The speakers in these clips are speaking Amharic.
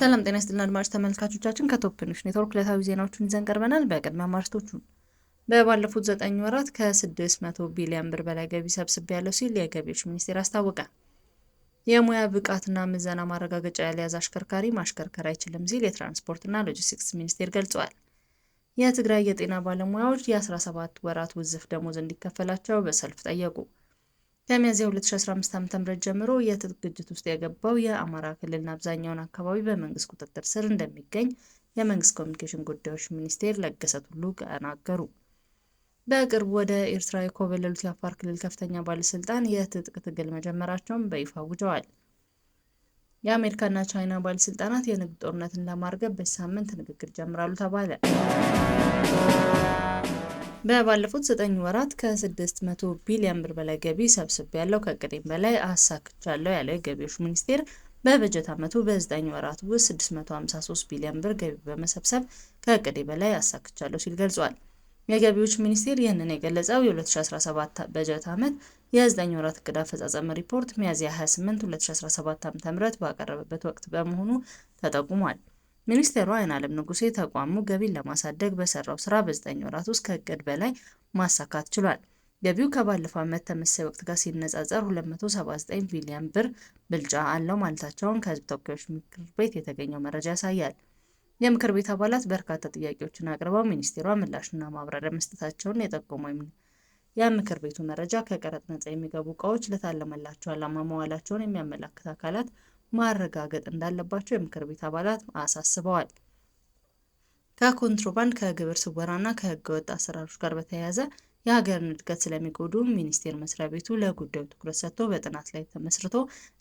ሰላም ጤና ይስጥልን አድማጭ ተመልካቾቻችን ከቶፕንሽ ኔትወርክ ዕለታዊ ዜናዎቹን ይዘን ቀርበናል። በቅድሚያ ማርዕስቶቹን በባለፉት ዘጠኝ ወራት ከ600 ቢሊዮን ብር በላይ ገቢ ሰብስብ ያለው ሲል የገቢዎች ሚኒስቴር አስታወቀ። የሙያ ብቃትና ምዘና ማረጋገጫ ያልያዘ አሽከርካሪ ማሽከርከር አይችልም ሲል የትራንስፖርትና ሎጂስቲክስ ሚኒስቴር ገልጿል። የትግራይ የጤና ባለሙያዎች የ17 ወራት ውዝፍ ደሞዝ እንዲከፈላቸው በሰልፍ ጠየቁ። ከሚያዝያ 2015 ዓ.ም ጀምሮ የትጥቅ ግጭት ውስጥ የገባው የአማራ ክልል አብዛኛውን አካባቢ በመንግስት ቁጥጥር ስር እንደሚገኝ የመንግስት ኮሚኒኬሽን ጉዳዮች ሚኒስቴር ለገሰ ቱሉ ተናገሩ። በቅርቡ ወደ ኤርትራ የኮበለሉት የአፋር ክልል ከፍተኛ ባለስልጣን የትጥቅ ትግል መጀመራቸውን በይፋ አውጀዋል። የአሜሪካና ቻይና ባለስልጣናት የንግድ ጦርነትን ለማርገብ በዚህ ሳምንት ንግግር ይጀምራሉ ተባለ። በባለፉት ዘጠኝ ወራት ከ600 ቢሊዮን ብር በላይ ገቢ ሰብስቤያለሁ፣ ከዕቅዴም በላይ አሳክቻለሁ ያለው የገቢዎች ሚኒስቴር፣ በበጀት ዓመቱ በ9 ወራት ውስጥ 653 ቢሊዮን ብር ገቢ በመሰብሰብ ከዕቅዴ በላይ አሳክቻለሁ ሲል ገልጿል። የገቢዎች ሚኒስቴር ይህንን የገለጸው የ2017 በጀት ዓመት የ9 ወራት እቅድ አፈጻጸም ሪፖርት ሚያዝያ 28 2017 ዓ.ም ባቀረበበት ወቅት በመሆኑ ተጠቁሟል። ሚኒስትሯ አይናለም ንጉሴ ተቋሙ ገቢን ለማሳደግ በሰራው ስራ በዘጠኝ ወራት ውስጥ ከእቅድ በላይ ማሳካት ችሏል። ገቢው ከባለፈው ዓመት ተመሳሳይ ወቅት ጋር ሲነጻጸር 279 ቢሊዮን ብር ብልጫ አለው ማለታቸውን ከህዝብ ተወካዮች ምክር ቤት የተገኘው መረጃ ያሳያል። የምክር ቤት አባላት በርካታ ጥያቄዎችን አቅርበው ሚኒስቴሯ ምላሽና ማብራሪያ መስጠታቸውን የጠቆመው የምክር ቤቱ መረጃ ከቀረጥ ነጻ የሚገቡ ዕቃዎች ለታለመላቸው ዓላማ መዋላቸውን የሚያመላክት አካላት ማረጋገጥ እንዳለባቸው የምክር ቤት አባላት አሳስበዋል። ከኮንትሮባንድ ከግብር ስወራና ወጥ አሰራሮች ጋር በተያያዘ የሀገርን እድገት ስለሚጎዱ ሚኒስቴር መስሪያ ቤቱ ለጉዳዩ ትኩረት ሰጥቶ በጥናት ላይ ተመስርቶ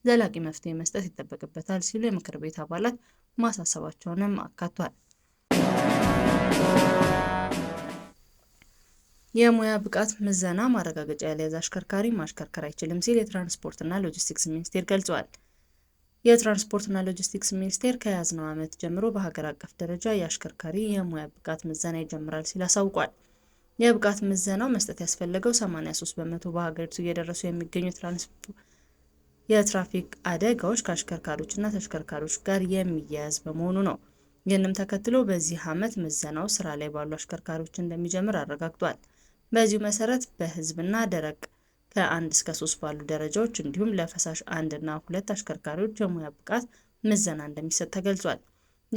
ዘላቂ መፍትሄ መስጠት ይጠበቅበታል ሲሉ የምክር ቤት አባላት ማሳሰባቸውንም አካቷል። የሙያ ብቃት ምዘና ማረጋገጫ ያልያዘ አሽከርካሪ ማሽከርከር አይችልም ሲል የትራንስፖርትና ሎጂስቲክስ ሚኒስቴር ገልጿል። የትራንስፖርትና ሎጂስቲክስ ሚኒስቴር ከያዝነው ዓመት ጀምሮ በሀገር አቀፍ ደረጃ የአሽከርካሪ የሙያ ብቃት ምዘና ይጀምራል ሲል አሳውቋል። የብቃት ምዘናው መስጠት ያስፈለገው 83 በመቶ በሀገሪቱ እየደረሱ የሚገኙ የትራፊክ አደጋዎች ከአሽከርካሪዎችና ተሽከርካሪዎች ጋር የሚያያዝ በመሆኑ ነው። ይህንም ተከትሎ በዚህ ዓመት ምዘናው ስራ ላይ ባሉ አሽከርካሪዎች እንደሚጀምር አረጋግጧል። በዚሁ መሰረት በህዝብና ደረቅ ከአንድ እስከ ሶስት ባሉ ደረጃዎች እንዲሁም ለፈሳሽ አንድ እና ሁለት አሽከርካሪዎች የሙያ ብቃት ምዘና እንደሚሰጥ ተገልጿል።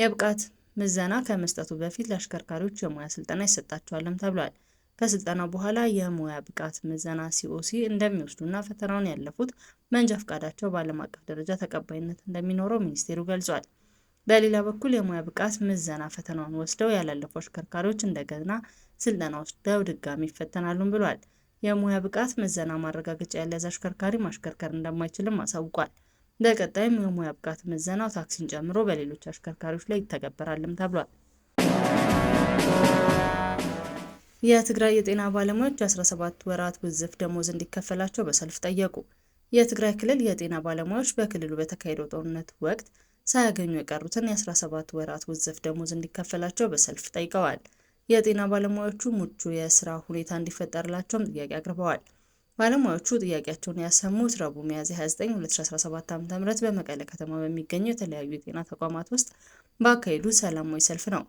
የብቃት ምዘና ከመስጠቱ በፊት ለአሽከርካሪዎች የሙያ ስልጠና ይሰጣቸዋልም ተብሏል። ከስልጠናው በኋላ የሙያ ብቃት ምዘና ሲኦሲ እንደሚወስዱና ፈተናውን ያለፉት መንጃ ፈቃዳቸው በዓለም አቀፍ ደረጃ ተቀባይነት እንደሚኖረው ሚኒስቴሩ ገልጿል። በሌላ በኩል የሙያ ብቃት ምዘና ፈተናውን ወስደው ያላለፉ አሽከርካሪዎች እንደገና ስልጠና ወስደው ድጋሚ ይፈተናሉም ብሏል። የሙያ ብቃት ምዘና ማረጋገጫ ያለ አሽከርካሪ ማሽከርከር እንደማይችልም አሳውቋል። በቀጣይም የሙያ ብቃት ምዘናው ታክሲን ጨምሮ በሌሎች አሽከርካሪዎች ላይ ይተገበራልም ተብሏል። የትግራይ የጤና ባለሙያዎች 17 ወራት ውዝፍ ደሞዝ እንዲከፈላቸው በሰልፍ ጠየቁ። የትግራይ ክልል የጤና ባለሙያዎች በክልሉ በተካሄደው ጦርነት ወቅት ሳያገኙ የቀሩትን የ17 ወራት ውዝፍ ደሞዝ እንዲከፈላቸው በሰልፍ ጠይቀዋል። የጤና ባለሙያዎቹ ምቹ የስራ ሁኔታ እንዲፈጠርላቸውም ጥያቄ አቅርበዋል። ባለሙያዎቹ ጥያቄያቸውን ያሰሙት ረቡዕ ሚያዝያ 29 2017 ዓ.ም በመቀለ ከተማ በሚገኙ የተለያዩ የጤና ተቋማት ውስጥ ባካሄዱት ሰላማዊ ሰልፍ ነው።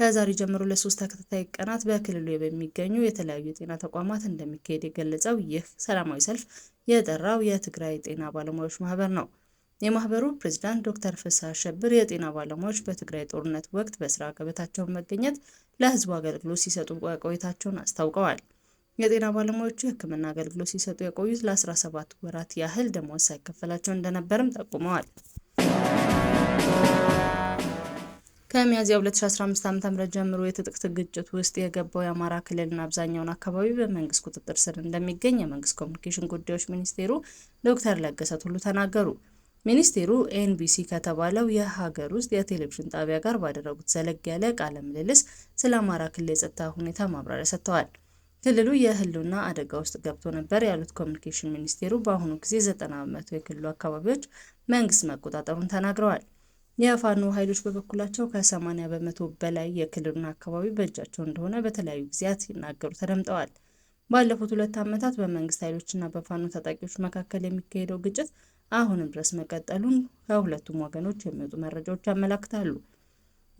ከዛሬ ጀምሮ ለሶስት ተከታታይ ቀናት በክልሉ በሚገኙ የተለያዩ የጤና ተቋማት እንደሚካሄድ የገለጸው ይህ ሰላማዊ ሰልፍ የጠራው የትግራይ ጤና ባለሙያዎች ማህበር ነው። የማህበሩ ፕሬዚዳንት ዶክተር ፍስሐ ሸብር የጤና ባለሙያዎች በትግራይ ጦርነት ወቅት በስራ ገበታቸው መገኘት ለህዝቡ አገልግሎት ሲሰጡ ቆይታቸውን አስታውቀዋል። የጤና ባለሙያዎቹ የህክምና አገልግሎት ሲሰጡ የቆዩት ለ17 ወራት ያህል ደሞዝ ሳይከፈላቸው እንደነበርም ጠቁመዋል። ከሚያዝያ 2015 ዓ.ም ጀምሮ የትጥቅ ግጭት ውስጥ የገባው የአማራ ክልልና አብዛኛውን አካባቢ በመንግስት ቁጥጥር ስር እንደሚገኝ የመንግስት ኮሚኒኬሽን ጉዳዮች ሚኒስቴሩ ዶክተር ለገሰ ቱሉ ተናገሩ። ሚኒስቴሩ ኤንቢሲ ከተባለው የሀገር ውስጥ የቴሌቪዥን ጣቢያ ጋር ባደረጉት ዘለግ ያለ ቃለ ምልልስ ስለ አማራ ክልል የጸጥታ ሁኔታ ማብራሪያ ሰጥተዋል። ክልሉ የሕልውና አደጋ ውስጥ ገብቶ ነበር ያሉት ኮሚኒኬሽን ሚኒስቴሩ በአሁኑ ጊዜ ዘጠና በመቶ የክልሉ አካባቢዎች መንግስት መቆጣጠሩን ተናግረዋል። የፋኖ ኃይሎች በበኩላቸው ከ80 በመቶ በላይ የክልሉን አካባቢ በእጃቸው እንደሆነ በተለያዩ ጊዜያት ሲናገሩ ተደምጠዋል። ባለፉት ሁለት ዓመታት በመንግስት ኃይሎችና በፋኖ ታጣቂዎች መካከል የሚካሄደው ግጭት አሁንም ድረስ መቀጠሉን ከሁለቱም ወገኖች የሚወጡ መረጃዎች ያመላክታሉ።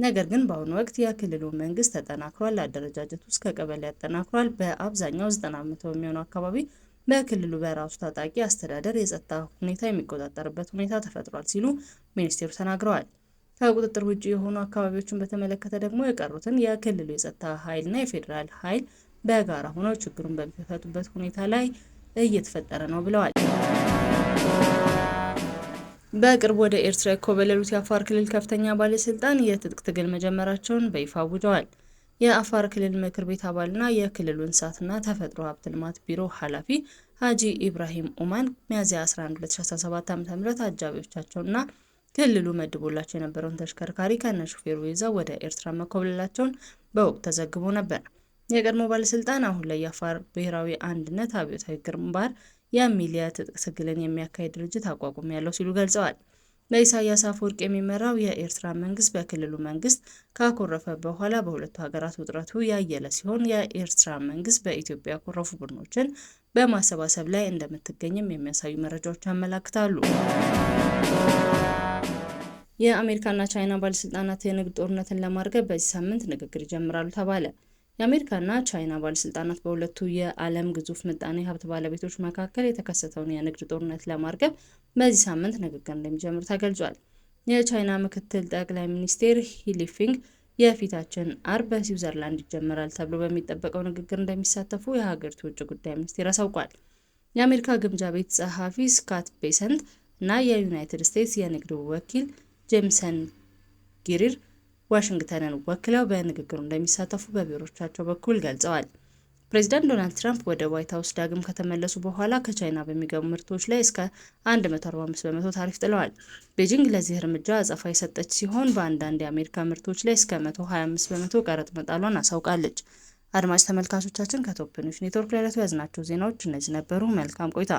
ነገር ግን በአሁኑ ወቅት የክልሉ መንግስት ተጠናክሯል። አደረጃጀት ውስጥ ቀበሌ ያጠናክሯል። በአብዛኛው 90 በመቶ የሚሆነው አካባቢ በክልሉ በራሱ ታጣቂ አስተዳደር የጸጥታ ሁኔታ የሚቆጣጠርበት ሁኔታ ተፈጥሯል ሲሉ ሚኒስቴሩ ተናግረዋል። ከቁጥጥር ውጭ የሆኑ አካባቢዎችን በተመለከተ ደግሞ የቀሩትን የክልሉ የጸጥታ ኃይልና የፌዴራል ኃይል በጋራ ሆነው ችግሩን በሚፈቱበት ሁኔታ ላይ እየተፈጠረ ነው ብለዋል። በቅርብ ወደ ኤርትራ የኮበለሉት የአፋር ክልል ከፍተኛ ባለስልጣን የትጥቅ ትግል መጀመራቸውን በይፋ አውጀዋል። የአፋር ክልል ምክር ቤት አባልና የክልሉ እንስሳትና ተፈጥሮ ሀብት ልማት ቢሮ ኃላፊ ሀጂ ኢብራሂም ኡማን ሚያዝያ 11 2017 ዓ.ም አጃቢዎቻቸውና ክልሉ መድቦላቸው የነበረውን ተሽከርካሪ ከነ ሹፌሩ ይዘው ወደ ኤርትራ መኮብለላቸውን በወቅት ተዘግቦ ነበር። የቀድሞ ባለስልጣን አሁን ላይ የአፋር ብሔራዊ አንድነት አብዮታዊ ግንባር የሚል የትጥቅ ትግልን የሚያካሂድ ድርጅት ያለው ሲሉ ገልጸዋል። ለኢሳያስ አፈወርቅ የሚመራው የኤርትራ መንግስት በክልሉ መንግስት ካኮረፈ በኋላ በሁለቱ ሀገራት ውጥረቱ ያየለ ሲሆን የኤርትራ መንግስት በኢትዮጵያ ያኮረፉ ቡድኖችን በማሰባሰብ ላይ እንደምትገኝም የሚያሳዩ መረጃዎች ያመላክታሉ። የአሜሪካና ቻይና ባለስልጣናት የንግድ ጦርነትን ለማርገብ በዚህ ሳምንት ንግግር ይጀምራሉ ተባለ። የአሜሪካና ቻይና ባለስልጣናት በሁለቱ የዓለም ግዙፍ ምጣኔ ሀብት ባለቤቶች መካከል የተከሰተውን የንግድ ጦርነት ለማርገብ በዚህ ሳምንት ንግግር እንደሚጀምር ተገልጿል። የቻይና ምክትል ጠቅላይ ሚኒስቴር ሂሊፊንግ የፊታችን አርብ በስዊዘርላንድ ይጀመራል ተብሎ በሚጠበቀው ንግግር እንደሚሳተፉ የሀገሪቱ ውጭ ጉዳይ ሚኒስቴር አሳውቋል። የአሜሪካ ግምጃ ቤት ጸሐፊ ስካት ቤሰንት እና የዩናይትድ ስቴትስ የንግድ ወኪል ጄምሰን ጊሪር ዋሽንግተንን ወክለው በንግግሩ እንደሚሳተፉ በቢሮዎቻቸው በኩል ገልጸዋል። ፕሬዚዳንት ዶናልድ ትራምፕ ወደ ዋይት ሀውስ ዳግም ከተመለሱ በኋላ ከቻይና በሚገቡ ምርቶች ላይ እስከ 145 በመቶ ታሪፍ ጥለዋል። ቤጂንግ ለዚህ እርምጃ አጸፋ የሰጠች ሲሆን በአንዳንድ የአሜሪካ ምርቶች ላይ እስከ 125 በመቶ ቀረጥ መጣሏን አሳውቃለች። አድማጭ ተመልካቾቻችን ከቶፕ ኒውስ ኔትወርክ ለዕለቱ ያዝናቸው ዜናዎች እነዚህ ነበሩ። መልካም ቆይታ